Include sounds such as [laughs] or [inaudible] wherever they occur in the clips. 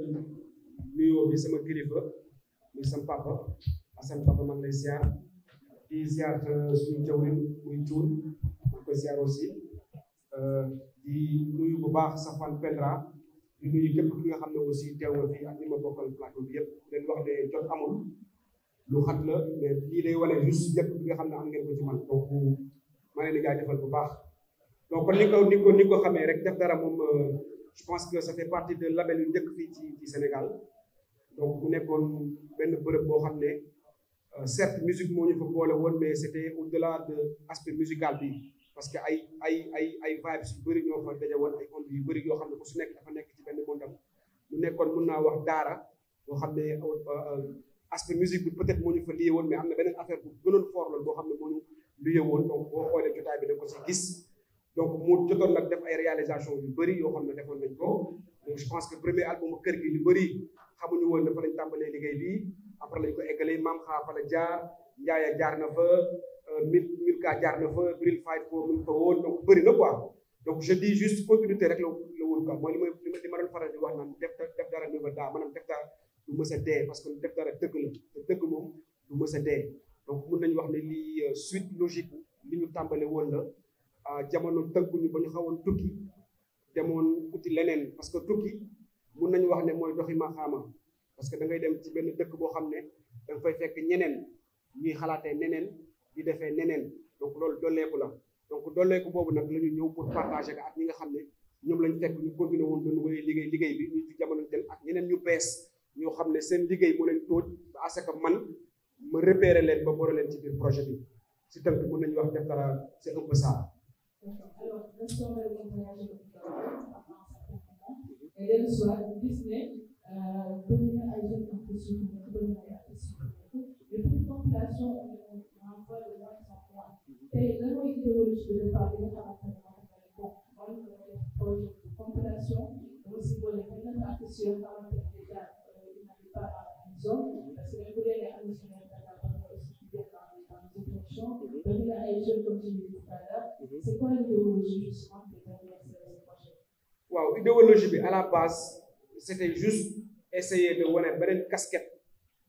nuyoo bi sama kilifa muy sama papa Assane papa man lay ziar di ziar euh, suñu jawrin muy cuun ma koy ziar aussi euh, di nuyu bu baax Safane Pedra di nuyu képp ki nga xam ne aussi teew na fi a ñi ma bokkal plateau bi yëpp leen wax ne jot amul lu xat mais lii day wane juste yëpp bi nga xam ne am ngeen ko ci man donc maa ngi leen di jaajëfal bu baax donc ni ko xamee rek def dara moom. Euh, je pense que ça fait partie de label yu njëkk fii ci ci Sénégal donc mu nekkoon benn bërëb boo xam ne euh, certes musique moo ñu fa boole woon mais c' était au delà de aspect musical bi parce que ay ay ay ay vibes yu bëri ñoo fa daje woon ay ondes yu bëri yoo xam ne ku su nekk dafa nekk ci benn mondam mu nekkoon mun naa wax daara boo xam ne euh, euh, aspect musique bi peut être moo ñu fa lié woon mais am na beneen affaire bu gënoon fort loolu boo xam ne moo ñu lié woon boo xoolee jotaay bi da ko si gis. donc mu jotoon nag def ay réalisation yu bëri yoo xam ne defoon nañ ko donc je pense que premier album kër gi yu bëri xamuñu woon dafa lañ tàmbalee liggéey bi après lañ ko eggalee maam xaa fa la jaar njaaya jaar na fa euh, mil mil ka jaar na fa bril fight foo mun fa woon donc bëri na quoi donc je dis juste continuité rek la la woon quoi mooy li may li ma doon faral wax naan def def dara nuva daa def dara du mës a dee parce que def dara dëgg la te dëgg moom du mës a dee donc mun nañu wax ne lii euh, suite logique li ñu tàmbale woon la jamono tënkuñu ba ñu xawoon tukki demoon uti leneen parce que tukki mun nañu wax ne mooy doxi maxaama parce que da ngay dem ci benn dëkk boo xam ne da fay fekk ñeneen ñuy xalaatee neneen di defee neneen donc loolu dolleeku la donc dolleeku boobu nag la ñu ñëw pour partager ak ñi nga xam ne ñoom lañ fekk ñu continuer woon doon liggéey liggéey bi ñu ci jamono jël ak ñeneen ñu bees ñoo xam ne seen liggéey moo leen tóoj ba à ce man ma repérer leen ba boole leen ci biir projet bi si tënk mun nañu wax def dara c'est un peu alors instauré wu voyage et le soir gis ne bëri na ay jeunes artistes yu nekk bëri na ay artistes yu nekk et puis population en voie de moins en moins tey lan mooy idéologie de départ bi nga xamante ne bon wala nga def projet de compilation aussi boole benn artiste yoo xamante ne déjà il n'arrive pas à une zone parce que bu dee ne artiste yi nekk dans les dans les opérations bëri na ay jeunes comme l'heure. Mm-hmm. C'est quoi l'idéologie justement bi à la base c'était juste essayer de wane beneen casquette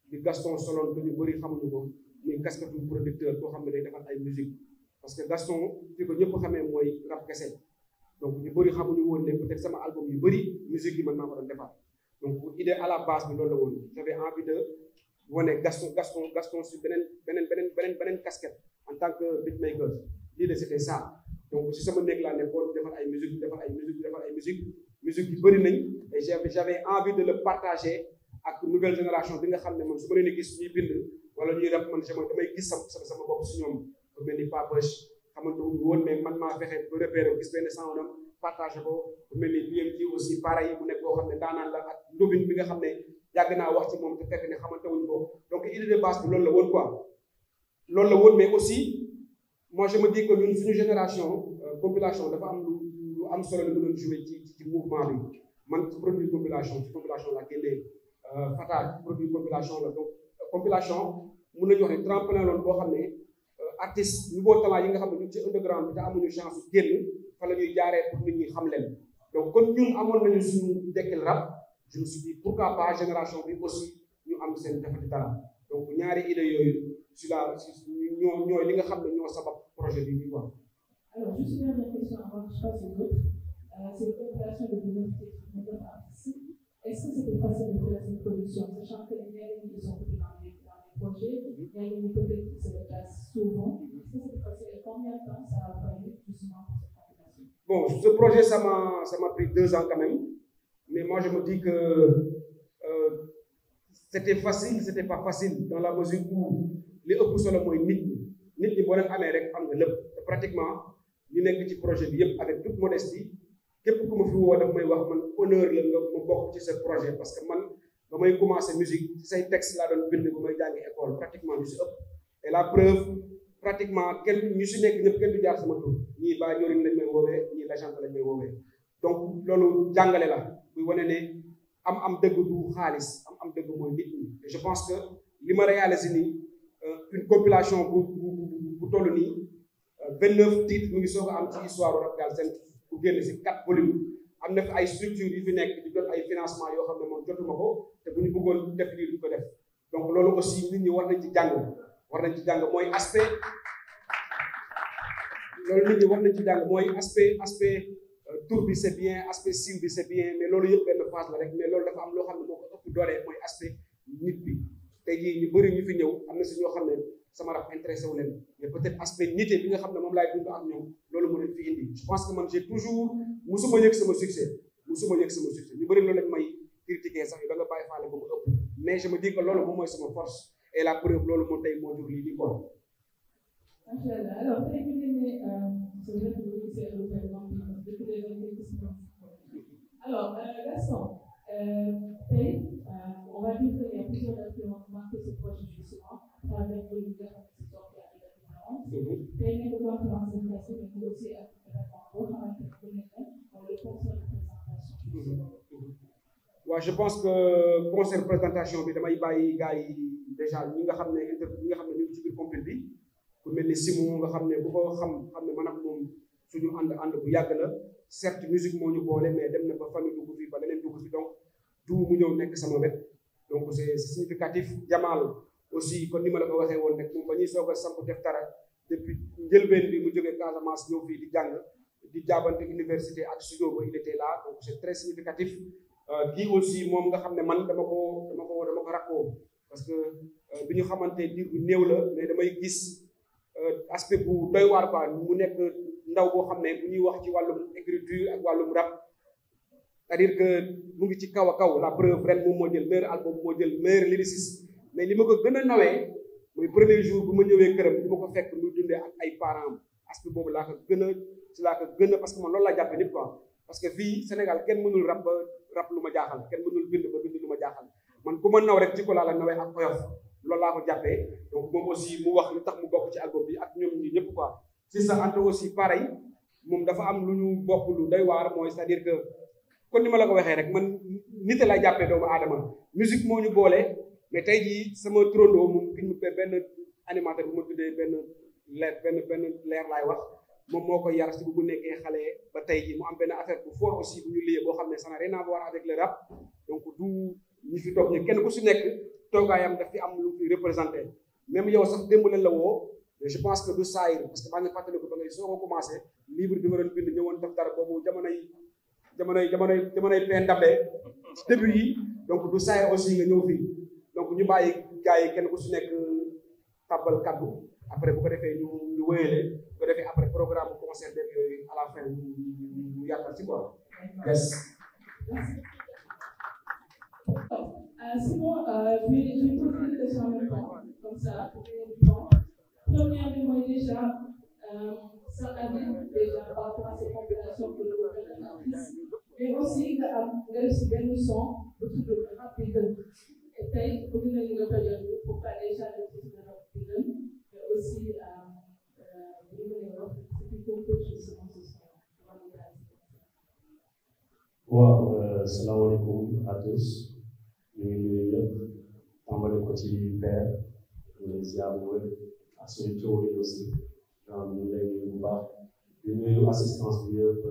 bi Gaston soloon que ñu bëri xamuñu ko muy casquette bu producteur boo xam ne day defar ay musique parce que Gaston fi ko ñëpp xamee mooy rap kese donc ñu bëri xamuñu woon ne peut-être sama album yu bëri musique yi man maa ko doon defar donc idée à la base bi loolu la woon j'avais envie de wane Gaston Gaston Gaston si beneen beneen beneen beneen beneen casquette en tant que beatmaker lii de c'était ça donc si sama néeg laa nekkoon defar ay musique defar ay musique defar ay musique musique yu bëri nañ et j'avais envie de le partager ak nouvelle génération bi nga xam ne man su ma leen gis ñuy bind wala ñuy rap man sama damay gis sama sama bopp si ñoom man maa fexe ba repéré gis benn sangam partagé ko ku mel ni BMT aussi pareil mu nekk boo xam ne daanaan la ak ndóbin bi nga xam ne yàgg naa wax ci moom te fekk ne xamante wuñ ko donc idée de base bi loolu la woon quoi loolu la woon mais aussi. moi je me dis ñun suñu génération euh, population dafa am lu lu am solo lu ci ci mouvement bi man ci produit population ci population la génnee euh, Fata produit population la donc euh, population mun nañu wax ne tremplin boo xam ne artistes nouveau talent yi nga xam ne ñu ci underground bi te amuñu chance u fa la ñuy jaaree pour nit ñu xam leen donc kon ñun amoon nañu suñu dekkil rap je me suis dit pourquoi génération bi aussi ñu am seen defati talent donc ñaari idées yooyu si la ñoo ñooy li nga xam ne ñoo sabab. projet bi ñu wax. juste une dernière question avant que je passe au groupe. Euh, c'est une opération de diversité de neuf artistes. Est-ce que c'était facile de faire cette production qui sont pris dans les projets, il y a une hypothèque qui se Est-ce temps ça a fallu justement pour cette réalisation? Bon, ce projet ça m'a pris deux ans quand même. Mais je me dis que euh, c'était facile, c'était pas facile dans la mesure où li ëpp solo mooy nit ñi. nit ñi boo leen amee rek am nga lépp te pratiquement ñu nekk ci projet bi yëpp avec toute modestie képp ku ma fi woo daf may wax man honneur la nga bokk ci sa projet parce que man ba may commencé musique ci say texte laa doon bind ba may jàngi école pratiquement ñu si ëpp et la preuve pratiquement kenn ñu si nekk ñëpp kenn du jaar sama tur ñii baa ñorin lañ may woowee ñii lagent lañ may woowee donc loolu jàngale la buy wane ne am am dëgg du xaalis am am dëgg mooy nit ñi et toll nii euh, vingt neuf titres mu ngi soo a am ci histoire rap Galsen bu génn si quatre volumes am na fi ay structures yu fi nekk di jot ay financement yoo xam ne moom jotuma ko te bu ñu bëggoon def lii du ko def donc loolu aussi nit ñi war nañ ci jàng war nañ ci jàng mooy aspect loolu nit ñi war nañ ci jàng mooy aspect aspect euh, tour bi c'est bien aspect siiw bi c'est bien mais loolu yëpp benn phase la rek mais loolu dafa am loo xam ne moo ko ëpp doole mooy aspect nit bi jii ñu bëri ñu fi ñëw am na si ñoo xam ne sama rab intéressé wu leen peut-être aspect nité bi nga xam ne moom laay dund ak ñoom loolu moo leen fi indi je pense que man j'ai toujours musuma yëg sama succès musuma yëg sama succès ñu bëri loolu lañ may critiquer sax yu da nga faale ba mu ëpp mais je me dis loolu moom mooy sama force et la preuve loolu moo tey moo jur lii di ko. bon je pense que concert présentation bi damay bàyyi gars yi déjà ñi nga xam ne inter nga xam ne ñu ngi ci biir bi ku mel ni Simon nga xam ne bu ko xam xam ne ma ak moom suñu ànd ànd bu yàgg la certes musique moo ñu boole mais dem na ba famille dugg fi ba leneen dugg fi donc tout mu ñëw nekk sama wet donc c'est significatif Jamal aussi kon ni ma la ko waxee woon rek moom ba ñuy soog a samp def dara depuis njëlbeen bi mu jógee Casamance ñëw fii di jàng di jaabante université ak studio ba il était là Euh, kii aussi moom nga xam ne man dama ko dama ko dama ko rakkoo parce que euh, bi ñu xamante diir bu néew la mais damay gis euh, aspect bu doy waar quoi mu nekk ndaw boo xam ne bu ñuy wax ci wàllum écriture ak wàllum rap cest à que mu ngi ci kaw a kaw la preuve ren moom moo jël meilleur album moo jël meilleur lyriciste mais li ma ko gën a nawee muy premier jour bu ma ñëwee këram li ma ko fekk muy dundee ay parents aspect boobu laa ko gën ci laa ko gën parce que man loolu laa jàppe nit quoi parce que rab lu ma jaaxal kenn mënul bind ba bind lu ma jaaxal man ku ma naw rek jikko laa la nawee ak koyof loolu laa ko jàppee donc moom aussi mu wax lu tax mu bokk ci album bi ak ñoom ñi ñëpp ko si sa ante aussi pareil moom dafa am lu ñu bokk lu doy waar mooy sa à dire que kon ni ma la ko waxee rek man nit laa jàppee doomu aadama musique moo ñu boole mais tey jii sama turandoo moom ki benn animateur bu ma tuddee benn leer benn benn leer laay wax moom moo ko yar si bu nekkee xale ba tey ji mu am benn affaire bu fort aussi bu ñu liyee boo xam ne ça n'a rien à voir avec le rap donc du ñi fi toog ku si nekk toogaayam daf fi am lu fi représenté même yow sax démb la woo je pense que du saayir parce que maa ngi fàttaliku ba ngay soo ko commencé livre bi nga doon bind ñëwoon def dara boobu jamonoy jamonoy jamonoy jamonoy pen dabe début yi donc du saayir aussi nga ñëw fii donc ñu bàyyi gars yi kenn ku si nekk tàbbal kaddu après bu ko defee ñu ñu wéyalee bu ko defee après programme bu concert def yooyu à la fin ñu ñu ñu yàlla ci quoi. yes. Euh, sinon bii euh, comme ça première bi mooy déjà sa euh, avis déjà par rapport à ces compilations que le gouvernement a prises mais aussi nga am nga def si benn son bu tudd rapide et tey pour ñu ne ñu nga ko jël pour que les gens waaw euh, salaamaaleykum à tous ñu ngi nuyu ñëpp tàmbale ko ci père ñu ziar bu wér ak suñu coow yi aussi ñu lay nuyu bu baax di nuyu assistance bi yëpp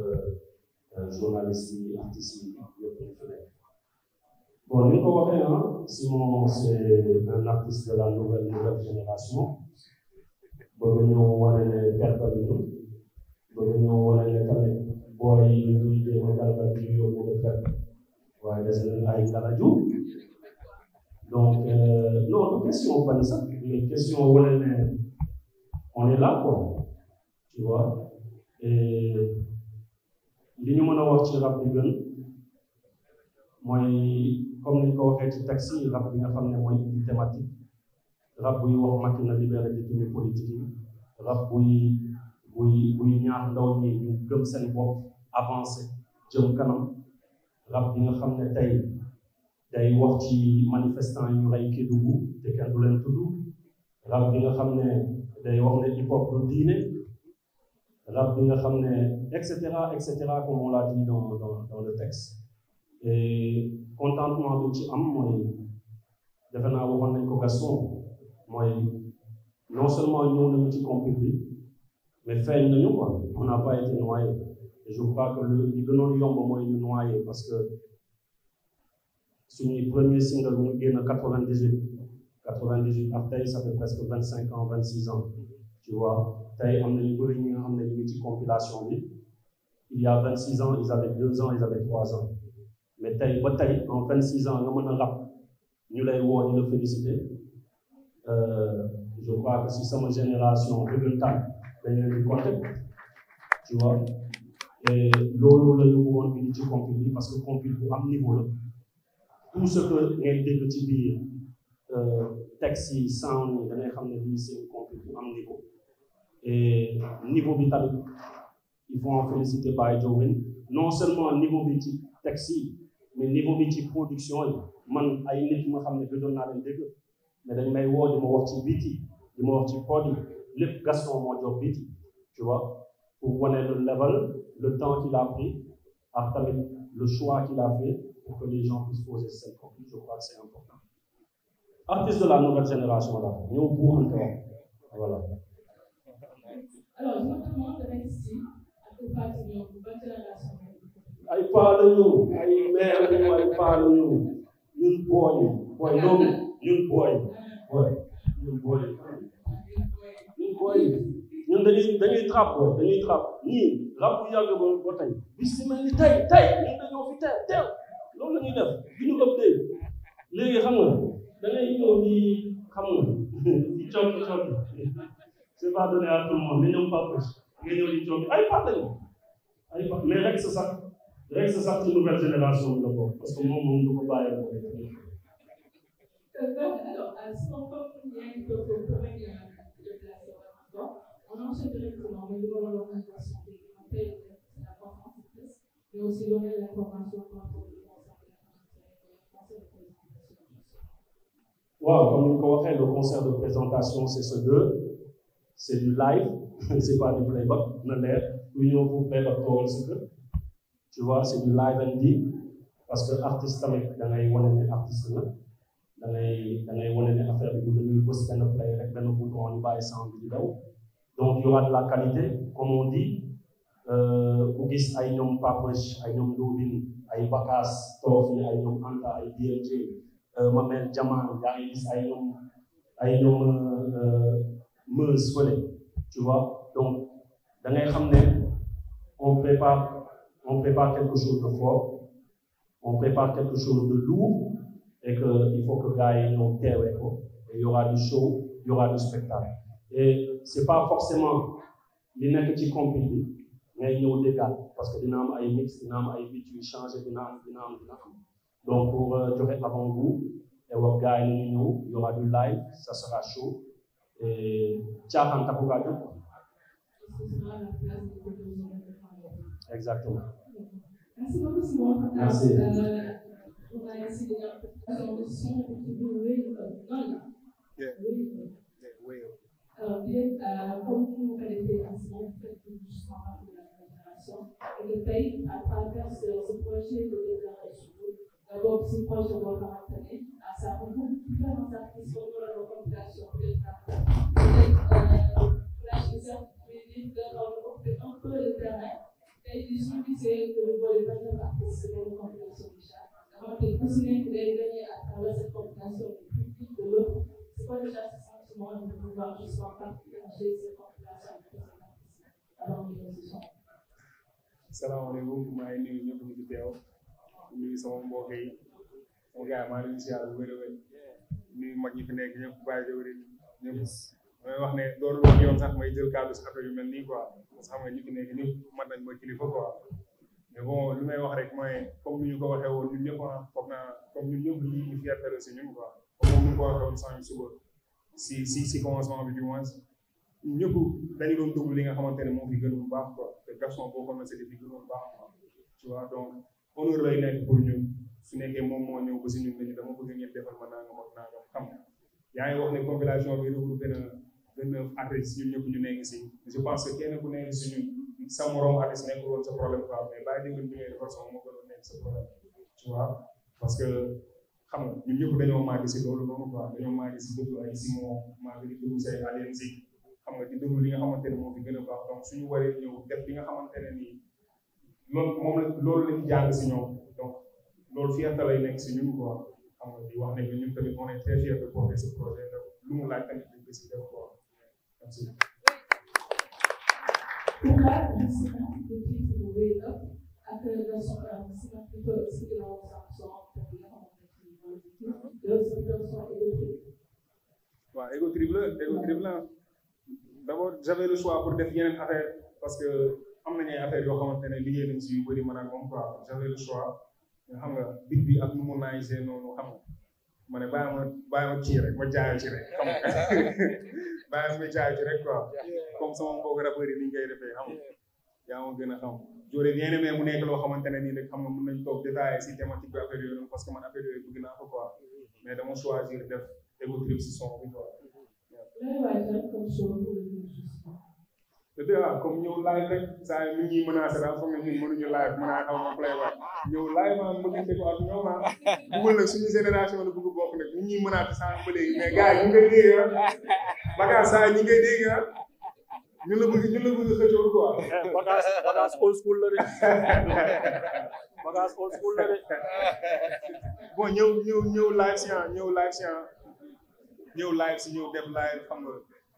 journaliste yi artistes yi yëpp ni ko waxee ah Simon c'est un artiste de la nouvelle nouvelle génération bëgg ñoo wane ne perte bi bëgg ñoo wane ne booy yi ñu ngi jéem a gàllankoor di yóbbu ba fekk waaye des na ay galaju donc euh, non question bañ sax mais question wane ne on est là quoi tu vois et li ñu mën a wax ci rab bi gën mooy comme ni ñu ko waxee ci taxi rab bi nga xam ne mooy indi thématique rab buy wax Macky na libéré détenu politique yi rab buy. muy muy ñaax ndaw ñi ñu gëm seen bopp avancé jëm kanam rab bi nga xam ne tey day wax ci manifestant ñu rey Kédougou te kenn du leen tudd rab bi nga xam ne day wax ne hip hop du diine rab bi nga xam ne et cetera comme on l'a dit dans le texte et contentement bi ci am mooy defe naa waxoon nañ ko Gaston mooy non seulement ñëw nañu ci compil mais feeñ nañu quoi on n'a pas été noyé et je crois que li gënoon yomb mooy ñu noyé parce que suñuy premier single mu génn quatre-vingt-dix-huit quatre-vingt-dix-huit ak tey ça fait presque vingt-cinq ans vingt-six ans tu vois tey am na ñu bëri ñi nga xam ne ñu ngi ci compilation bi il y a vingt-six ans ils avaient deux ans ils avaient trois ans mais tey ba tey en vingt-six ans nga mën a rap ñu lay woo di la féliciter euh, je crois que si sama génération dañ leen di compter tu vois et loolu la ñu woon indi ci compil bi parce que compil bu am niveau la tout ce que ngay dégg ci biir euh, texte yi sound yi da xam ne lii seen compil bu am niveau et niveau bi tamit il faut féliciter Baye Diowin non seulement niveau bi ci texte mais niveau bi ci production yi man ay nit ñi xam ne gëjoon naa leen dégg mais dañ may woo di ma wax ci biti di ma wax ci produit. lépp Gaston moo jox nit tu vois pour wane le level le temps qu'il a pris ak tamit le choix qu'il a fait pour que les gens puissent poser seen problème je crois que c'est important artiste de la nouvelle génération la ñëw buuxante wa voilà alors notamment dafay si ak Pape ay Paa ay mère ñu ay Paa la ñu ñun booy booy ñun booy booy ñun booy. booy ñun dañuy dañuy trap booy dañuy trap ñii rap bu yàgg ba ba tey bis si mel ni tey tey ñun dañoo fi teel teel loolu la ñuy def du ñu ëpp tey léegi xam nga da ngay ñëw di xam nga di coppi coppi c'est pas donné à tout le monde mais ñoom Pape nga ñëw di coppi ay Pape lañu ay Pape mais rek sa sax rek sa sax ci nouvelle génération bi la bokk parce que moom moom du ko bàyyi ko. Euh, euh, euh, du rôle de l'organisation des pays, c'est la conférence de presse, mais aussi donner l'information par rapport aux conseils de présentation. Waaw, comme ni ko waxee, le concert de présentation CC2, c'est du live, [laughs] c'est pas du playback, na leer lu ñëw pour playback tool si que tu vois c'est du live and di parce que artiste tamit da ngay wane ne artiste la da ngay da ngay wane ne affaire bi du dañuy bës benn play rek benn bouton ñu bàyyi sound bi di daw donc il de la qualité comme on dit ku euh, gis ay ñoom Papoche ay ñoom Lobin ay Bakas Toofi ay ñoom Anta ay DMJ euh, Mamel Jaman yaa ngi gis ay ñoom ay ñoom euh, Meuse fële tu vois donc da ngay xam on prépare on prépare quelque chose on prépare quelque chose de lourd et que il faut que gars yi ñoom teewee ko et y aura du show il y aura du spectacle. et c'est pas forcément li nekk ci compil bi ngay ñëw déggal parce que dina am ay mix dina am ay bit yu changé dina am dina am dina am donc pour euh, joxe avant vous et wax gars yi ñu ñëw y aura du live ça sera chaud et caaxaan taxu kaa jóg exactement. Merci beaucoup Simon. Merci. Merci. Euh, Alors, bien, euh, comme vous connaissez ainsi, en fait, je suis en partie de la préparation. Et le pays, à travers ce, ce projet de déclaration, d'abord, ce projet de l'année, à sa rencontre, différentes actions de la population Peut-être, euh, la chasseur, mais de un peu le terrain. Et il suffit que le volet 29 artistes de la population déjà. Avant de continuer de gagner à travers cette population, le public de l'autre, c'est pas déjà pouvoir justement partager cette compétence avec les alors ngi sama mbokk yi sama gars maa ngi leen di ziar bu wér a ñi fi nekk ñëpp bàyyi jaww ji ñëpp damay wax ne doon woon yoon sax may jël kàddu si affaire yu mel nii quoi parce que xam nga nekk nii mën nañ ma kilifa quoi mais bon li wax rek mooy comme ni ñu ko waxee woon ñun ñëpp ah foog naa comme ñun ñëpp ñu si ñun quoi comme ni ñu ko waxee si si si commencement bi du moins ñëpp dañu doon déglu li nga xamante ne moo fi gënoon ba quoi te garçon boo xam ne c'est fi gënoon baax quoi tu vois donc honneur lay nekk pour moom moo ñëw ba si ñun dañu dama bëgg ngeen defal ma nangam ak nangam xam yaa ngi wax ne compilation bi regroupé na vingt-neuf ñun ñëpp ñu nekk si je pense que kenn ku nekk si ñun sa morom artiste nekkul woon sa problème quoi mais bàyyi di ngeen bi ngay defar sama moo gënoon nekk sa problème tu parce que xam nga ñun ñëpp dañoo màgg si loolu noonu quoi dañoo màgg si déglu ay Simon màgg di déglu say Alioune si xam nga di déglu li nga xamante ne moo fi gën a baax donc suñu waree ñëw def li nga xamante ne nii la loolu si ñoom donc loolu fierté lay nekk si ñun quoi xam nga di wax ne ñun tamit on est très fier de porter ce projet de lu tribunal dellu tribunal d'abord j'avais le choix pour def yeneen affaire parce que am nañu ay affaires yoo xamante ne liggéey nañ si yu bëri man ak moom quoi j'avais le choix nga xam nga bit bi ak nu mu naay see noonu xam nga ma ne bàyyi ma bàyyi ma kii rek ma jaayoo ci rek xam nga [laughs] bàyyi ma jaayoo ci rek quoi comme sama mbokk rappeur yi ni ñu koy defee xam nga yaa ma gën a xam j'aurais bien aimé mu nekk loo xamante ne nii rek xam nga mën nañ toog détaillé si thématique bi affaire yooyu parce que man affaire yooyu bëgg naa ko quoi mm-hmm. mais dama choisir def égo trip si son bi quoi te tey waaw comme ñëw live rek saa yi ñuy menacé daal foog nañ mënuñu live mën a xaw ma playback ñëw live maa bëggante ko ak ñoom ah bëggal nag suñu génération la bëgg bokk nag ñu ñuy menacé saa ba léegi mais gars ñu ngi koy dégg ah. saa ñu ngi koy ah. ñu la ñu la bëgg xëccoo quoi. Bakar Bakar old school la de bon ñëw ñëw ñëw live si ah, ñëw live si ñëw live si ñëw def live xam nga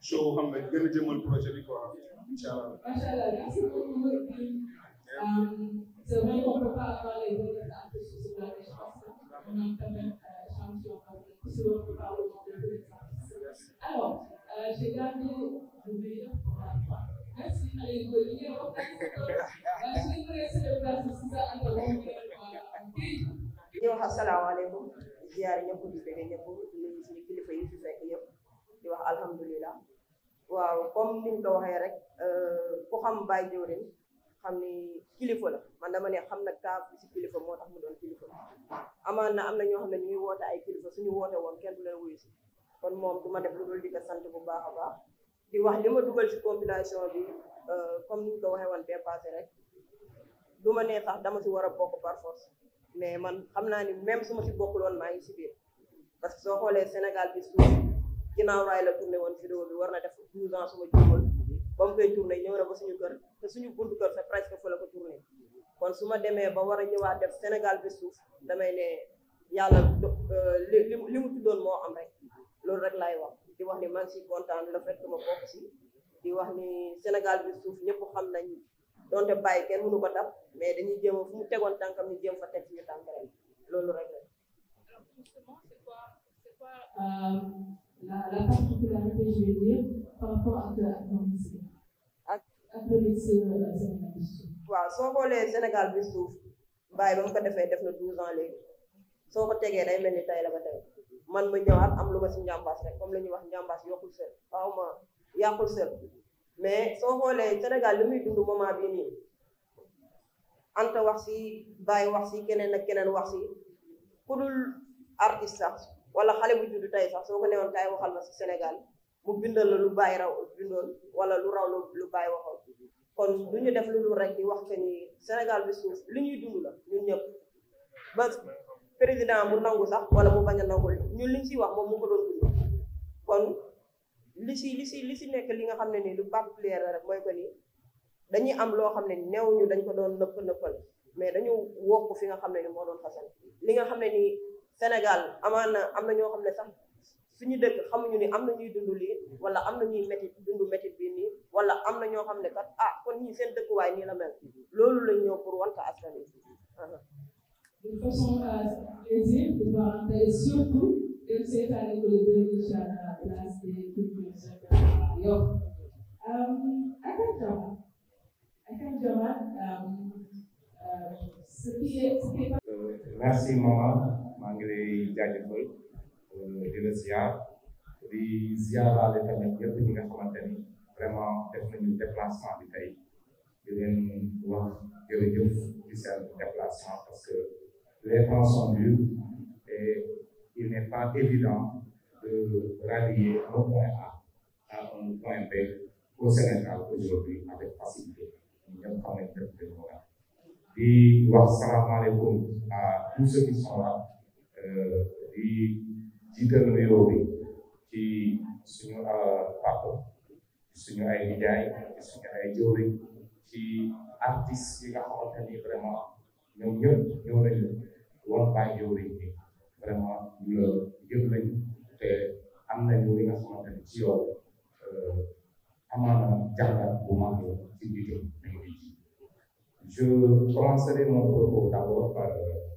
show xam nga gën a jëmal projet bi quoi incha allah. macha allah merci beaucoup. j'ai gardé le meilleur pour la fin. Merci Aliou Ngoye ñu ngi wax asalaamaaleykum ziar ñëpp di bëgg ñëpp di nuyu suñu kilifa yi alhamdulilah waaw comme ni ko waxee rek euh, ku xam Baye Diorin xam ni kilifa la man dama ne xam na kaaf bi si kilifa moo tax mu doon kilifa amaan na am na ñoo xam ne ñuy woote ay kilifa suñu woote woon kenn du leen wuyu si kon moom du ma def lu dul di ko sant bu baax a baax di wax li ma dugal si compilation bi euh, comme niñ ko waxee woon bee passé rek du ma nee sax dama si war a bokk par force mais man xam naa ni même su si bokkuloon maa ngi si biir parce que soo xoolee Sénégal bi ginnaaw raay la tourné woon vidéo bi war na def douze ans suma juumul ba mu koy tourné ñëw na ba suñu kër te suñu buntu kër c'est presque fa la ko kon su ma demee ba war a ñëwaat def Sénégal bi suuf damay ne yàlla euh, li li mu tuddoon moo am rek loolu rek laay wax di wax ni man si kontaan le fait que ma bokk si di wax ni Sénégal bi suuf ñëpp xam nañ donte bàyyi kenn mënu ko dab mais dañuy jéem fu mu tegoon tànkam ñu jéem fa teg suñu tànk loolu rek ak waaw soo xoolee Sénégal bi suuf baay ba mu ko defee def na douze ans léegi soo ko tegee day mel ni tay la ba tey man ma ñëwaat am lu ma si njàmbaas rek comme la ñuy wax njàmbaas yokku sel waaw ma yàqul sel mais soo xoolee Sénégal li muy dund moment bii nii wax si Baye wax si keneen ak keneen wax si ku dul artiste wala xale bu juddu tey sax soo ko newoon kaay waxal ma si Sénégal mu bindal la lu bàyyi raw bindoon wala lu raw lu bàyyi waxoon kon du ñu def lu dul rek di wax que ni Sénégal bi suuf li ñuy dund la ñun ñëpp ba président mu nangu sax wala mu bañ a nangu ñun liñ si wax moom mu ko doon kon li si li si li si nekk li nga xam ne nii lu particulier la rek mooy que dañuy am loo xam ne néew ñu dañ ko doon nëpp nëppal mais dañu wokk fi nga xam ne moo doon xasan Sénégal amaan na am na ñoo xam ne sax suñu dëkk xamuñu ni am na ñuy dund lii wala am na ñuy métti dund métti bii nii wala am na ñoo xam ne kat ah kon ñii seen dëkkuwaay nii la mel loolu lañu ñëw pour wan ko askan surtout dem seetaane ko le deux incha allah place des cultures yow. Akadjama Akadjama. merci maman. ngi lay e jaajëfal euh, di la ziar di ziaraale tamit yëpp ñi nga xamante ni vraiment def nañu déplacement bi tey di leen wax jërëjëf ci seen parce que les temps sont durs il n'est pas évident de rallier un point A à un point B au Sénégal aujourd'hui avec facilité ñu ñëpp xam nañ def di wax salaamaaleykum à tous ceux qui là di jiital na bi ci suñu pàpp suñu ay nijaay ci suñu ay jëwriñ ci artistes yi nga xamante ni vraiment ñoom ñëpp ñëw nañu woon baay jëwriñ bi vraiment ñu la yëg nañu te am nañu li nga xamante ni ci yow euh, amaana jàngat bu mag ci biir je commencerai mon propos d'abord par euh,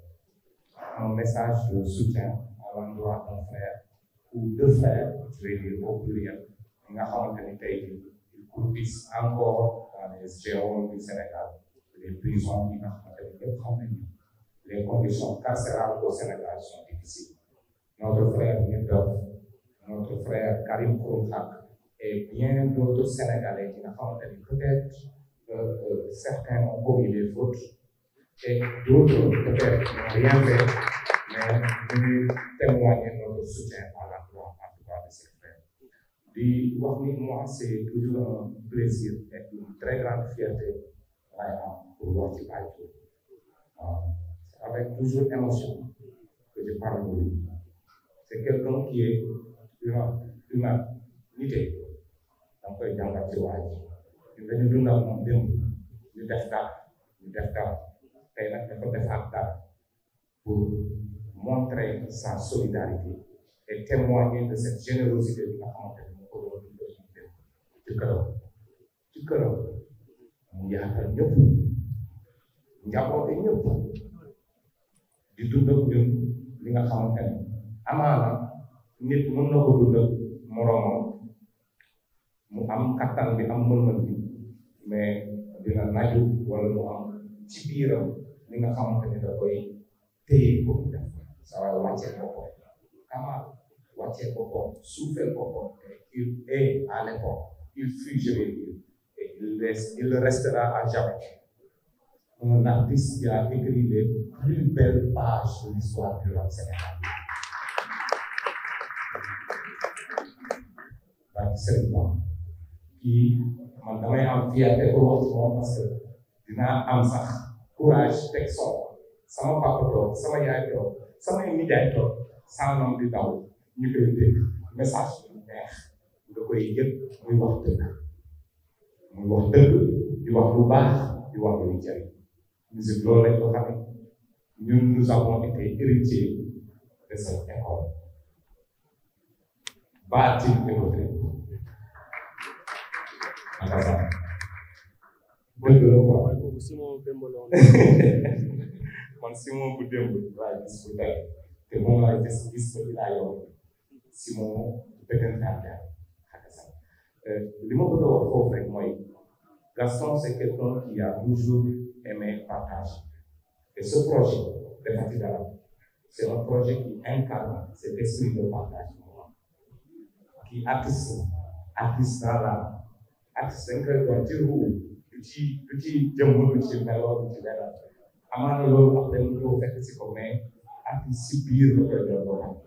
un message de soutien à l'endroit d'un frère ou deux frères, je vais dire au pluriel, ñi nga xamante ni tey jii dans les geôles du Sénégal les prisons yi nga xamante ni ñëpp xam les conditions carcérales au Sénégal sont difficiles notre frère Nitdoff notre frère Karim Xrum et bien d'autres Sénégalais yi nga xamante ni peut-être euh, euh, certains ont commis des fautes et d'autres peut-être n'ont rien fait, mais ñu témoigner notre soutien à l'emploi en tout cas de cette di wax ni moi c'est toujours un et une très grande fierté waaye am pour wax ci Pathé c'est avec toujours émotion que je parle de c'est quelqu'un qui est humain humain nité da nga koy jàngat ci waa ji ñu dañu dundal moom démb ñu def tey nag dafa defaat date pour montrer sa solidarité et témoigner de cette générosité bi nga xamante ne moo ko doon dundal ñu dem ci këram ci këram mu yaatal ñëpp njaboote ñëpp di dundal ñun li nga xamante ne amaana nit mën na ko dundal moroomam mu am kattan bi am mën-mën bi mais dina naju wala mu am ci biiram li nga xamante ne da koy téye ko def sa waay wàcce boppam kamal wàcce boppam suufeel boppam il est à l'époque il fut je vais dire reste il restera à jamais un artiste qui a écrit les plus belles pages de l'histoire du rap sénégalais seulement kii man damay am fierté pour wax ci moom parce que am sax courage teg soog sama papa sama yaay toog sama nijaay toog saa di daw ñu koy dégg message bu yëg muy wax dëgg muy wax dëgg di wax lu baax di wax lu jëriñ musique loolu lañ ko xamee ñun [laughs] man Simon bu démb laa gis bu tey te moom laa gis gis ko bi laa yor Simon dëggantaan daal xakasam li ma bëgg a wax foofu rek mooy Gaston c'est quelqu'un qui a toujours aimé partage et ce projet defati dara c'est un projet qui incarne cet esprit de partage qui artiste artiste dans l'âme artiste dañ koy doon ci ruu du ci du ci jëmbu du ci meloo du ci dara amaana loolu après lu ko fekk si ko mais ak si biir la koy doon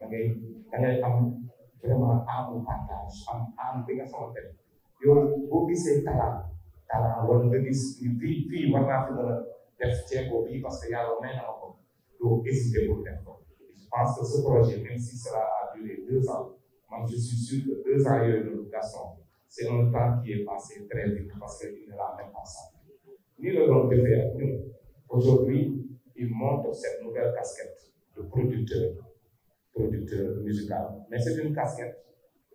da ngay da ngay am vraiment amu partage am am bi nga xamante ne yow boo gisee talent talent wala nga gis fii fii war naa fi mën a def ceebo bii parce que yàlla may na ma ko doo hésité pour def ko je pense que ce projet même si cela a duré deux ans man je suis sûr que deux ans yooyu noonu garçon c'est e un e qui est passé très vite parce qu'il ne l'a même pas Ni le doon defee ak ñun aujourd'hui il montre cette nouvelle casquette de producteur producteur musical mais c'est une casquette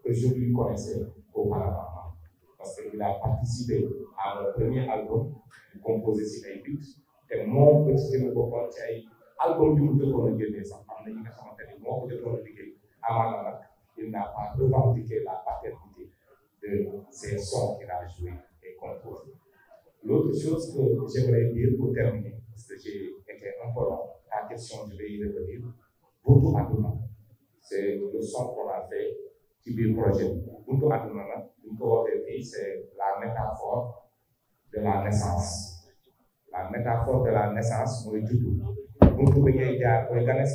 que je lui parce que a participé à mon premier album mu composé si ay beat te moo ko ci jëme boppam ci ay album yu mu jëkkoon a génnee sax am na ñi nga xamante ni moo ko jëkkoon a liggéey amaana nag il n'a pas revendiqué la de ces sons qu'il a et composés. L'autre chose que j'aimerais dire pour terminer, parce que j'ai été un peu long, la question, je vais y revenir, Buntu Aduna, c'est le son qu'on fait ci biir projet Buntu Aduna nag bu ñu ko waxee fii c'est la métaphore de la naissance la métaphore de la naissance mooy juddu buntu bi ngay jaar koy gane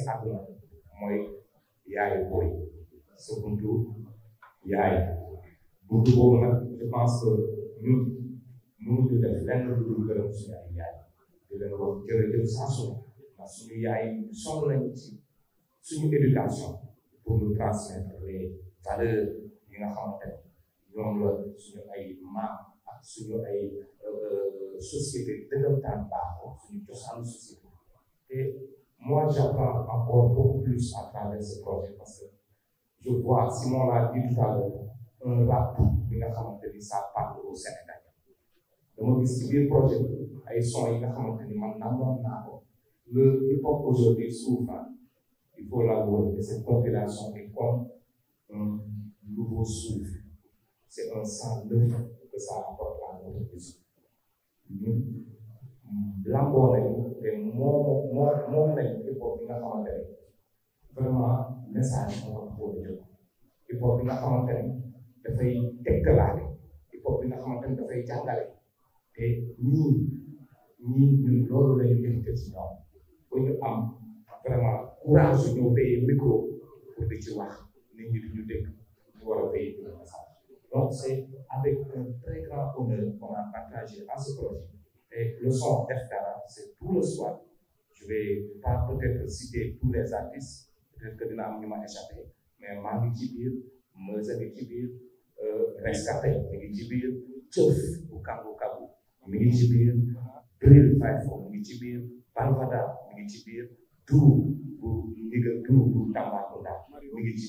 mooy yaayu booy sa buntu yaay. buntu boobu nag je pense que ñun def lenn lu dul gërëm suñu ay yaay di leen wax jërëjëf saa su ndax suñu yaay soxla nañu ci suñu éducation pour nous transmettre les valeurs yi nga xamante ne ñoom la suñu ay maam ak suñu ay euh, société dëggantaan baaxoo suñu cosaanu société parce que je vois un rap nga xamante ni ça parle au Sénégal dama gis ci biir projet ay son yi nga xamante ni man namoon naa ko le hip hop aujourd'hui souvent il faut l'avouer que cette population est comme un nouveau souffle c'est un sang neuf que ça apporte à notre pays lamboo nañu te moom moom moom nañu hip nga xamante ni vraiment message moo ko jóg hip hop bi nga xamante ni dafay tekkalaale hip hop bi nga xamante ne dafay jàngale te ñii ñii ñun loolu la ñu mérité si ñoom ba ñu am vraiment courage ñoo béyee micro pour di ci wax nit ñi di ñu dégg ñu war a béyee ñu message donc c' est avec un très grand honneur qu'on a partagé à ce projet et le son FKA c' est tout le soir je vais pas peut-être citer tous les artistes peut-être que dina am ñu ma échappé mais maa ngi ci biir Meusa ngi ci biir rescapé mi ngi ci biir bu kàmbu kàmbu mi bril fight for mi ngi ci biir bu ndiga duru bu Tambacounda mi ngi ci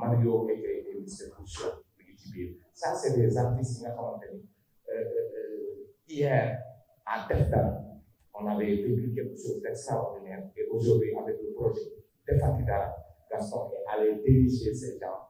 Mario Keke et ci biir ça c'est des artistes yi nga xamante ni euh, euh, hier à Deftan on avait vécu quelque chose d'extraordinaire et aujourd'hui avec le projet Defati Dara Gaston est allé diriger ces gens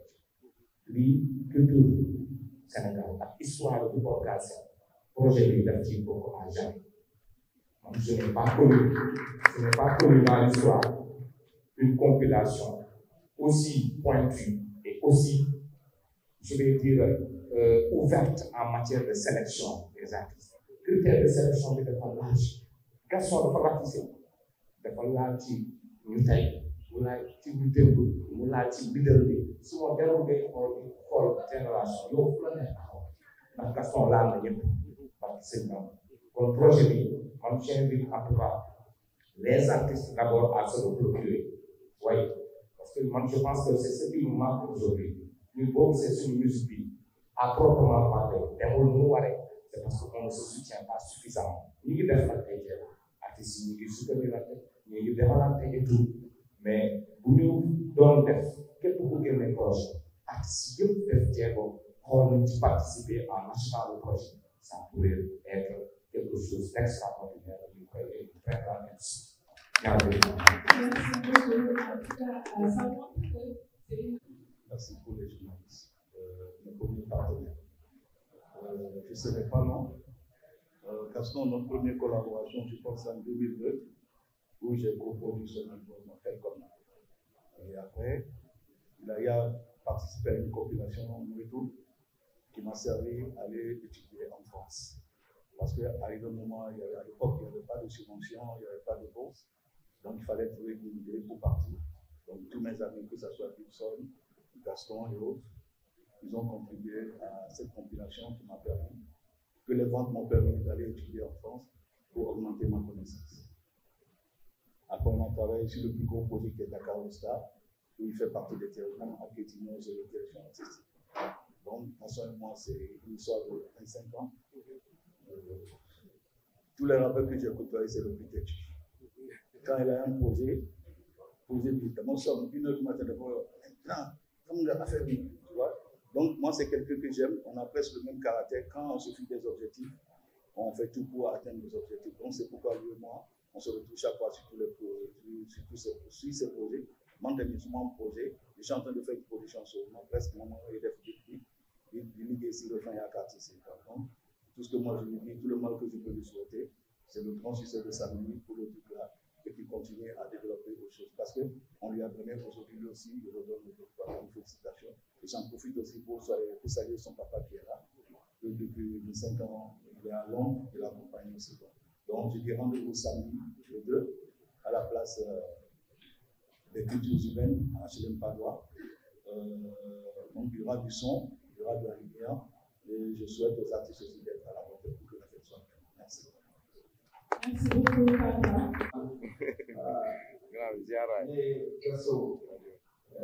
lii culture Sénégal ak histoire du podcast projet bi daf ci bokk à jamais moom n'est pas connu ce n'est pas connu dans l'histoire une compilation aussi pointue et aussi je vais dire euh, ouverte en matière de sélection des artistes de sélection bi dafa laaj garçon dafa laaj ci dafa laaj ci ñu tey mu laal ci bulletin bi mu laal ci bidal bi su ma jarul ngay xool di xool génération yow fu la nekk taxaw ndax Gaston laal na ñëpp parce que sëñ Ba kon projet bi man chaîne bi en tout cas les artistes d'abord à se procurer waaye parce que man je pense que c'est ce qui nous manque aujourd'hui ñun boobu c'est suñu musique bi à proprement parler demul mu waree c'est parce qu'on ne se soutient pas suffisamment ñu ngi def nag ay artistes yi ñu ngi sukkandirante ñu ngi defalante et tout mais bu doon def képp ku génne projet ak si yëpp def jéego xool nañ ci participer en achetant le projet ça pourrait être quelque chose d'extraordinaire ñu koy très grande merci. Merci pour les journalistes, euh, nos communes partenaires. Euh, je ne serai pas long. Euh, Gaston, notre première collaboration, je pense en 2002. où j'ai proposé ce on fait comme ça. Euh, et après, il a participé à une compilation en retour qui m'a servi à aller étudier en France. Parce qu'arrivé moment, y avait, à l'époque, il n'y de subvention, il n'y avait de bourse. Donc il fallait trouver une idée pour partir. Donc tous mes que ce soit Gibson, Gaston et autres, ils ont contribué à cette compilation qui m'a permis, que les ventes m'ont permis d'aller étudier en France pour augmenter ma connaissance. Après, on a travaillé sur le plus gros projet qui est Dakar Star, où il fait partie des territoires à Kétino et les territoires artistiques. et moi, c'est une histoire de 25 ans. Euh, tous que j'ai côtoyés, c'est le plus têtu. Quand il a un projet, projet évidemment, nous sommes une heure du matin c'est quelqu'un que j'aime. On a presque le même caractère. Quand on se fixe des objectifs, on fait tout pour atteindre les objectifs. Donc, c'est pourquoi chaque fois sur tous les produits, sur ma am projet je suis en train de faire une production sur moi presque moom mooy def di di di liggéey si Refrain Yaakaar ci ce que moi je lui dis tout mal que je peux lui souhaiter c'est le grand de sa vie pour le tout continue à développer autre chose parce que on lui a donné aujourd'hui aussi il redonne le doctorat félicitations et j'en profite aussi pour pour saluer son papa qui est là depuis cinq ans il est à Londres il accompagne Donc, je dis rendez-vous samedi, le 2, à la place euh, des cultures urbaines à HLM Padois. Euh, donc, il y aura du son, il y aura de la lumière, et je souhaite aux artistes aussi d'être à la portée pour que la fête soit belle. Merci. Merci beaucoup, Papa. Grave, Ziara. Et Gasso, euh,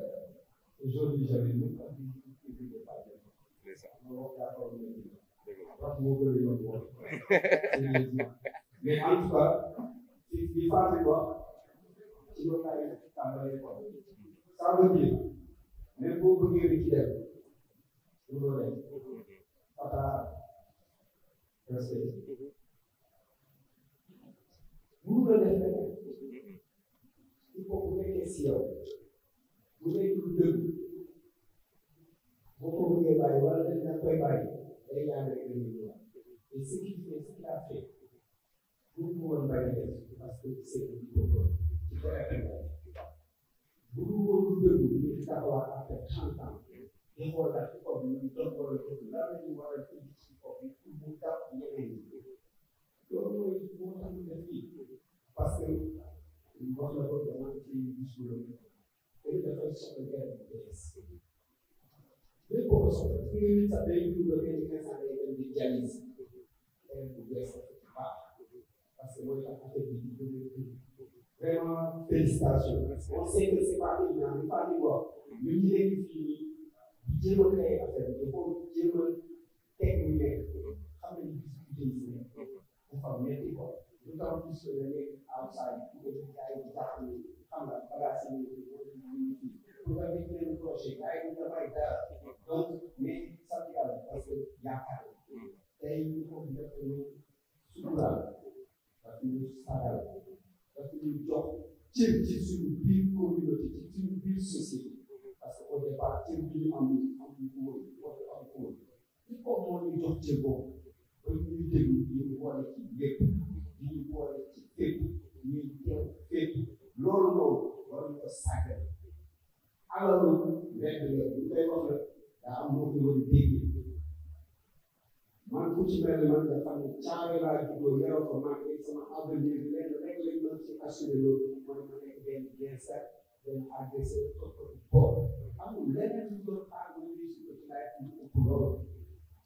aujourd'hui, j'avais une partie qui n'était pas bien. C'est ça. Alors, d'accord, je vais dire. D'accord. Parce que vous voulez le voir. [laughs] C'est mais ça peut inclure des dialyse parce que mooy vraiment félicitations. on sait que c'est pas évident ñu fàttali ko ñu ngi leen di jéem a créé affaire bi ko jéem a teg ñu nekk xam nga ni difficulté yi dafa métti ko d'autant plus que le nekk outside pour que gars yi jàppale xam nga bagage yi pour nga projet gars yi dafay dara donc cër bi ñu am am ko woon wala am ko woon ci kaw moo ñu jox cër boobu ba ñuy déglu ñu boole ci lépp ñu boole ci fépp ñu teew fépp loolu loolu war nañu ko sàggal alalu lenn la bu koy wax la daa am moo ko war a dégg man ku ci mel man nga xam ne caare laa juddoo yaroo ko man sama avenir lenn rek lañ mën ci assuré loolu mooy ma nekk benn bien sax dañ agressé boobu amul leneen lu doon xaar bu ñu si ci laaj bi ëpp loolu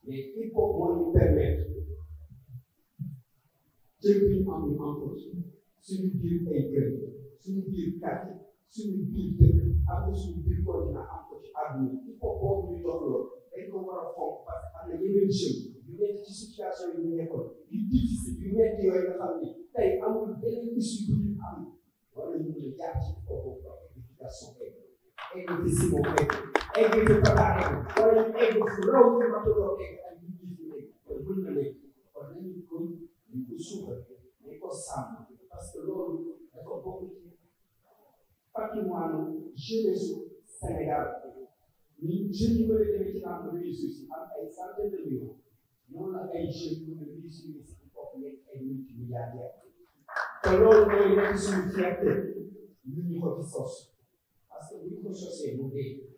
mais il faut moo ñu permettre jël bi ñu am ñu en cause suñu biir ay kër suñu biir quartier suñu biir dëkk ak suñu biir continent am ko ci àdduna il faut boobu ñu jox loolu dañ ko war a fonk parce que am na yeneen jeunes yu nekk ci situation yi ñu nekkoon yu difficile yu nekk yooyu nga xam ne tey amul benn issue bu ñu am wala ñu mën a jaar ci kooku edificação bíblica. Ele disse morrer. Ele disse trabalhar. Ele não tem uma pedoqueca. Ele disse morrer. Foi muito bem. Foi muito bom. Me consulta. Me coçava. Pastor, é um pouco que patrimônio generoso Senegal. Je ne veux pas dire que je suis un exemple de Dieu. Non, la paix, je ne veux pas dire que c'est un problème et multimilliardaire. Alors, nous avons une fierté, une ressource. bi ko sosee bu dee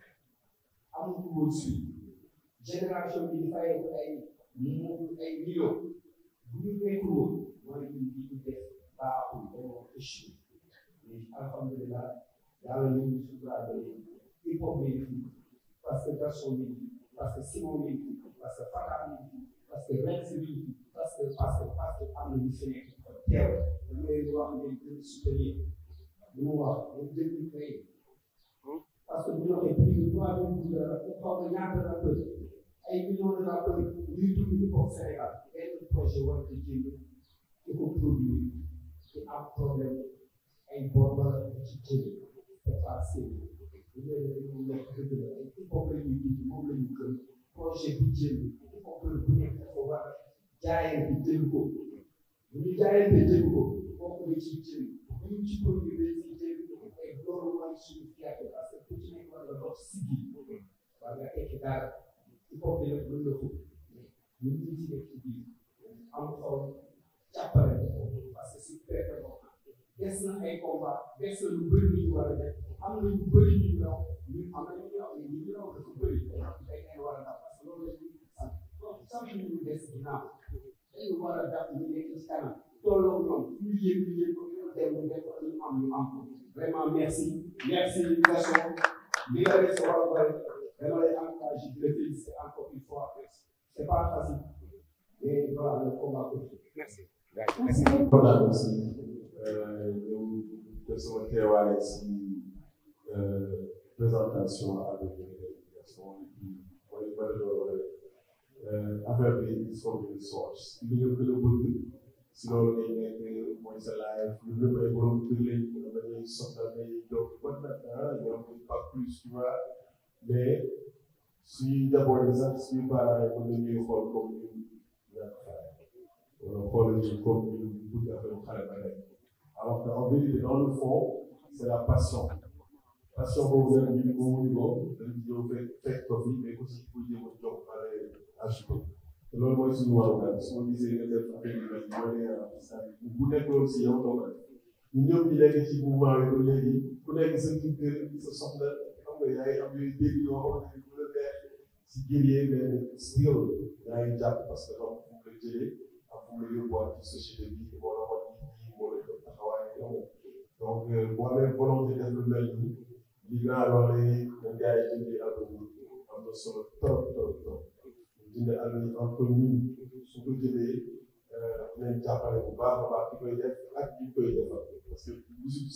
amul woon si génération bi dafay ay mu ay millions bu ñu nekkul mooy ñu ñu def baaxul vraiment échec mais alhamdulilah yàlla ñu ngi sukkandiku hip hop bi parce que garçon bi parce que simon bi parce que fata bi parce que rex bi parce que parce que parce que am na ñu fi nekk teew dañu leen wax ne gën a soutenir mu wax parce que bu ñu waxee plus de trois mille milliards xaw ma ñaata rappeur ay millions de rappeurs yuy dund ci bopp Sénégal benn projet war ci jéem di ko produire te am problème ay bor wala ci jël dépassé bu ñu leen wax dëgg la ay bopp la ñuy dund moom la ñu gën projet bu jël bopp la bu nekk dafa war jaayee bi jël ko bu ñu jaayee bi jël ko bopp la ci jël bu ñu ci produire ci jël ay loolu mooy suñu sigi waa nga tekki dara ci kaw bi nag mën na ko ñun ñu ci nekk ci biir am xaw càppale parce que si très important des na ay combat des na lu bëri lu ñu war a def am na lu bëri ñu raw ñun am na ñu raw ñu ñu raw dafa bëri day ngay war a def parce que loolu la ñuy sant sax ñu des ginnaaw dañu war a def ñu nekk ci kanam tolloo ñoom ñu yëg ñu yëg ko ñu dem ñu def ñu am ñu am vraiment merci merci li nga def sa wàllu bëri dama lay encouragé di la féliciter encore une fois c' est pas facile mais voilà le combat continue. merci merci. kontaan aussi ñoom ñoom sama teewaale si présentation avec délégation wala wala affaire bi ils sont les sources. li nga gën a bëgg. si loolu lay nekk mooy sa laay lu ñu borom kër lañ ñoom dañuy soxla day jox bon nag ah ñoom pas plus tu vois mais suñu njaboot yi sax suñu parents yi mën nañuy xool comme ñu ñàkk xale wala xool ñu comme ñu bëgg affaire xale ba rek alors que en vérité dans le fond c'est la passion passion boobu nag ñu ngi ko wuñu ko dañ ñëw fekk fekk ko fi mais aussi pour jéem a jox xale âge ko te loolu mooy suñu warugar su ma gisee bu nekkoon si yow doo ko def ñun ñëpp ñu nekk ci mouvement bi ba léegi ku nekk sa kër sa soxna xam nga yaa ngi am yooyu dégg yoo xam ne bu la neex si kër yeeg mais si yow yaa ngi jàpp parce que donc mu ngi lay jëlee ak mu ngi lay yóbbuwaat ci société bi moo la wan nii moo la jot taxawaay yow donc euh, boo amee volonté def lu mel nii li nga loolu yi gars yi jëndee àdduna am na solo trop trop trop jëndee àdduna am ko ñun su ko jëlee nañ jàppale bu baax a baax di koy def ak di koy defal parce que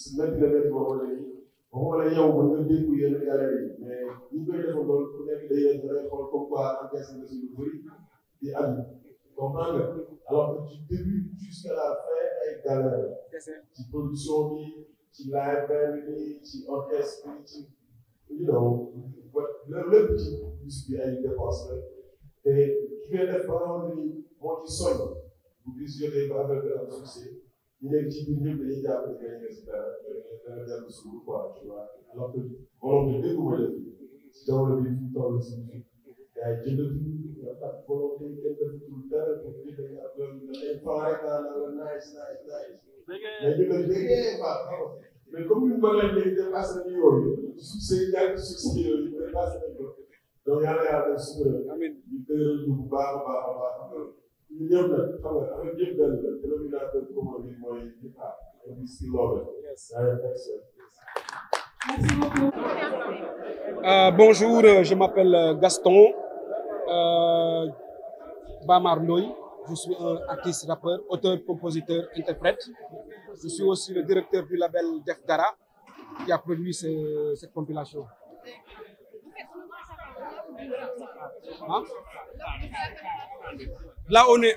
su nekk na benn boo xam ne nii boo xoolee yow mën nga déglu yenn galère yi mais ñi koy defal loolu ku nekk day yéen da ngay xool comme quoi encaissé nga suñu bëri di am comprends nga alors que du début jusqu'à la fin ay galère ci production bi ci live band bi ci orchestre bi ci you know lépp ci bis bi ay dépense la te ki ngay def ba nga xam ne moo ci soñ bu bis jotee ba affaire bi am succès ñu nekk ci biir ñëpp dañuy jàpp ne nga ñu si dara dara jàpp suuf quoi tu vois alors que volonté dëgg mooy def si jamono bi fi toll si gars yi jëndatu nga tax volonté kenn defatul dara pour ñu ne ak nga ay fan rek naa la nga nice nice nice mais ñu ne déggee baax mais comme ñu ko lañ léegi dépassé nañu yooyu succès ñàkk succès yooyu dépassé nañu donc yàlla yàlla def suñu ñu dëgëral ñu bu baax a baax a baax ñu ñëpp nag xam nga affaire yëpp benn la dénominateur commun bi mooy euh, euh, je m'appelle euh, Gaston euh, Bamar Ndoye. Je suis un artiste, rappeur, auteur, compositeur, Je suis aussi le directeur du label Def Dara qui a produit cette compilation. Là, on est.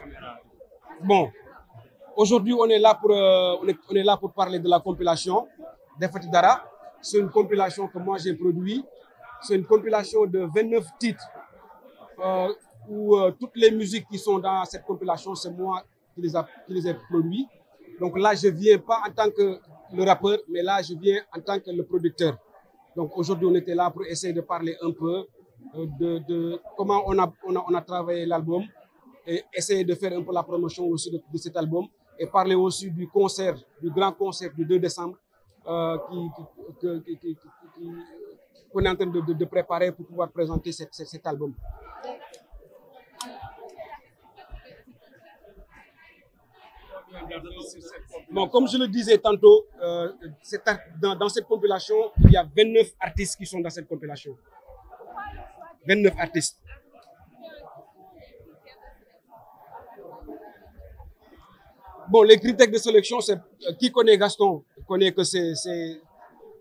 Bon. Aujourd'hui, on, euh, on, est, on est là pour parler de la compilation des Fatidara. C'est une compilation que moi j'ai produite. de 29 titres euh, où euh, les musiques qui dans cette compilation, c'est moi qui les, a, qui que le mais là, je viens en le producteur. Donc aujourd'hui, on était là pour essayer de parler un euh, comment on a, on a, on et essayer de de, de cet album et parler aussi du concert, du grand concert du 2 décembre euh, qu'on pour pouvoir présenter cet, cet, cet comme je le disais tantôt, euh, dans, dans, cette compilation, a 29 Bon, les critères de sélection, c'est euh, qui connaît Gaston connaît que c'est,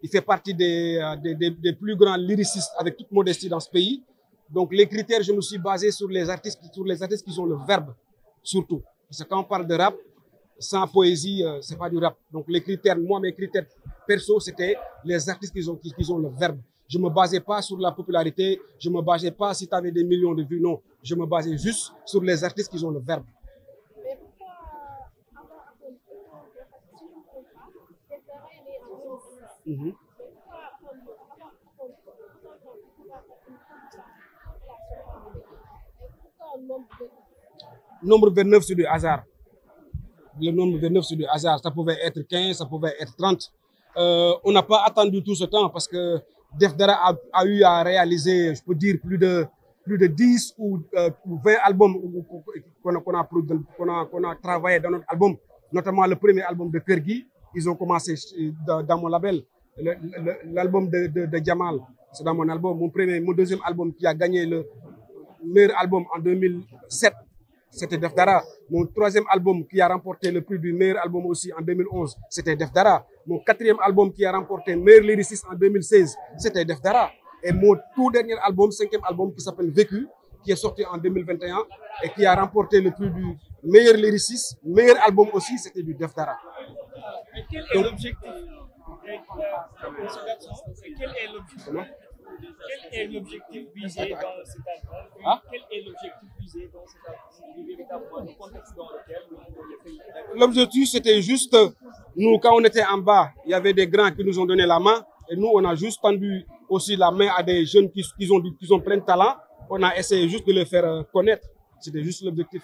il fait partie des, euh, des, des, des, plus grands lyricistes avec toute modestie dans ce pays. Donc les critères, je me suis basé sur les artistes, sur qui ont le verbe surtout. Parce que quand on parle de rap, sans poésie, euh, c'est pas du rap. Donc les critères, moi mes critères perso, c'était les artistes qui ont, qui, qui ont le verbe. Je me basais pas sur la popularité, je me basais pas si tu avais des millions de vues, non. Je me les artistes qui ont Mm-hmm. nombre 29 c'est du hasard. Le nombre 29 c'est du hasard. Ça pouvait être 15, ça pouvait être 30. Euh, on n'a pas attendu tout ce temps parce que def a, a, eu à réaliser, je peux dire, plus de, plus ou euh, albums qu'on a, qu dans le premier album de Kergui. Ils ont commencé euh, dans mon label. l'album de, Jamal. C'est dans mon album, mon deuxième album qui a gagné le meilleur album en 2007. C'était Defdara. Mon troisième album qui a remporté le prix du meilleur album aussi en 2011, c'était Defdara. Mon quatrième album qui a remporté meilleur lyriciste en 2016, c'était Defdara. Et mon tout dernier album, cinquième album qui s'appelle Vécu, qui est sorti en et qui a remporté le prix du meilleur lyriciste, meilleur album aussi, c'était du Defdara. Et quel est l'objectif quel est l'objectif visé dans cet album Quel est l'objectif visé dans c'était juste, nous, quand on était en bas, il y avait des grands qui nous ont donné la main. Et nous, on a juste tendu aussi la main à des jeunes qui, qui ont, qui ont plein de talent. On a essayé juste de les faire euh, connaître. C'était juste l'objectif.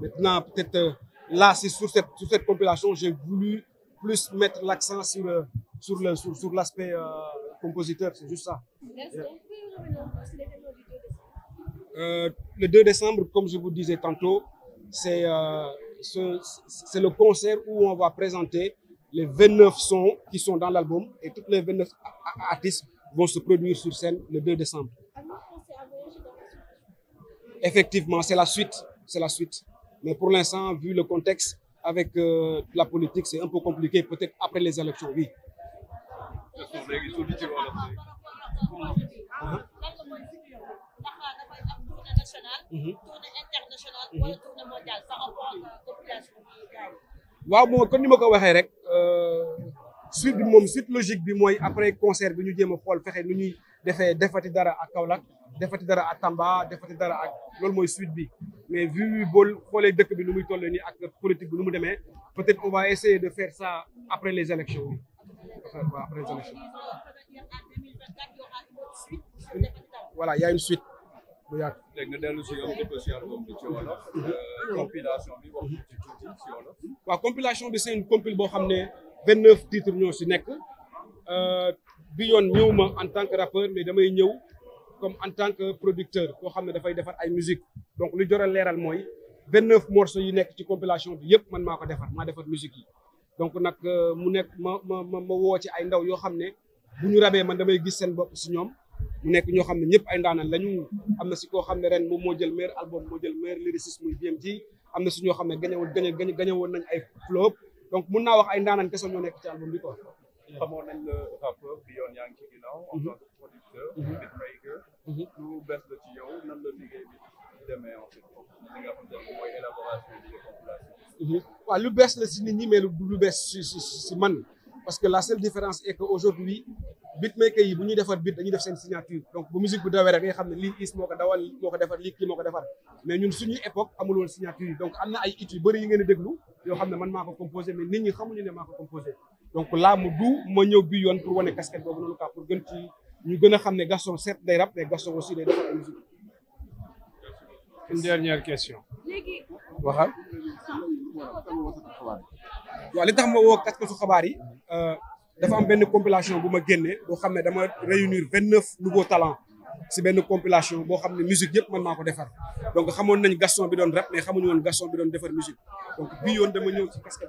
Maintenant, peut-être euh, là, c'est sur cette, sur cette compilation, j'ai voulu plus mettre l'accent euh, le, sur, sur euh, le 2 décembre, comme je vous disais tantôt, c'est euh, c'est le concert présenter les 29 sons sont dans l'album et toutes les 29 artistes vont se produire sur scène le 2 décembre. Ah Effectivement, c'est la suite, la suite. Mais pour l'instant, vu le contexte avec euh, la politique, c'est un peu compliqué, peut-être après les élections, oui. waaw moom kon ni ma ko waxee rek euh, suite bi moom suite logique bi mooy après concert bi ñu jéem a xool fexe nu ñuy defee defati dara ak Kaolack defati dara ak Tamba defati dara ak loolu mooy suite bi mais vu bool xoolee dëkk bi nu muy toll nii ak politique bi nu mu demee peut-être on essayer de faire ça après les élections bi après les élections voilà y suite bu yàgg léegi nga dellu si yow ci wolof euh, compilation bi wax ci bi c'est une compile boo xam ne vingt neuf titre ñoo si nekk euh, bi yoon ñëw en tant que rappeur mais damay ñëw comme en tant que producteur koo xam ne dafay defar ay musique donc lu joral leeral mooy vingt neuf morceaux yi nekk ci compilation bi yëpp man ko defar maa defar donc nag euh, mu nekk ma ma ma ma woo ci ay ndaw yoo xam ne bu ñu rabee man damay gis seen bopp si ñoom mu nekk ñoo xam ne ñëpp ay ndaanaan lañu am na si koo xam ne ren moom moo jël meilleur album moo jël meilleur lyriciste muy BMG am na si ñoo xam ne gañewul gañe gañe woon nañ ay flop donc mun naa wax ay ndaanaan kese ñoo nekk ci album bi quoi xamoon nañ la rappeur bi yoon yaa ngi ci ginnaaw. en mm-hmm. tant que producteur. Mm-hmm. beatmaker. Mm-hmm. lu bees la ci yow nan la liggéey bi demee en fait si nit ñi mais lu bees si man parce que la seule différence est que aujourd'hui beatmaker yi bu ñuy defar beat dañuy def seen signature donc bu musique bu dawee rek nga xam ne lii is moo ko dawal moo ko defar lii kii moo ko defar mais ñun suñuy époque amul woon signature yi donc am na ay hits yu bëri yi ngeen di déglu yoo xam ne man maa ko composé mais nit ñi xamuñu ne maa ko composé. donc là mu du ma ñëw bii yoon pour wane casquette boobu noonu quoi pour gën ci ñu gën a xam ne Gaston certes day rap mais Gaston aussi question. waxal. li tax ma woo kat ko su xabaar yi euh, dafa am benn compilation bu ma génnee boo xam ne dama réunir vingt neuf nouveaux talents si benn compilation boo xam ne musique yëpp mën maa ko defar donc xamoon nañ Gaston bi doon rap mais xamuñu woon gason bi doon defar musique donc bii yoon dama ñëw ci casquette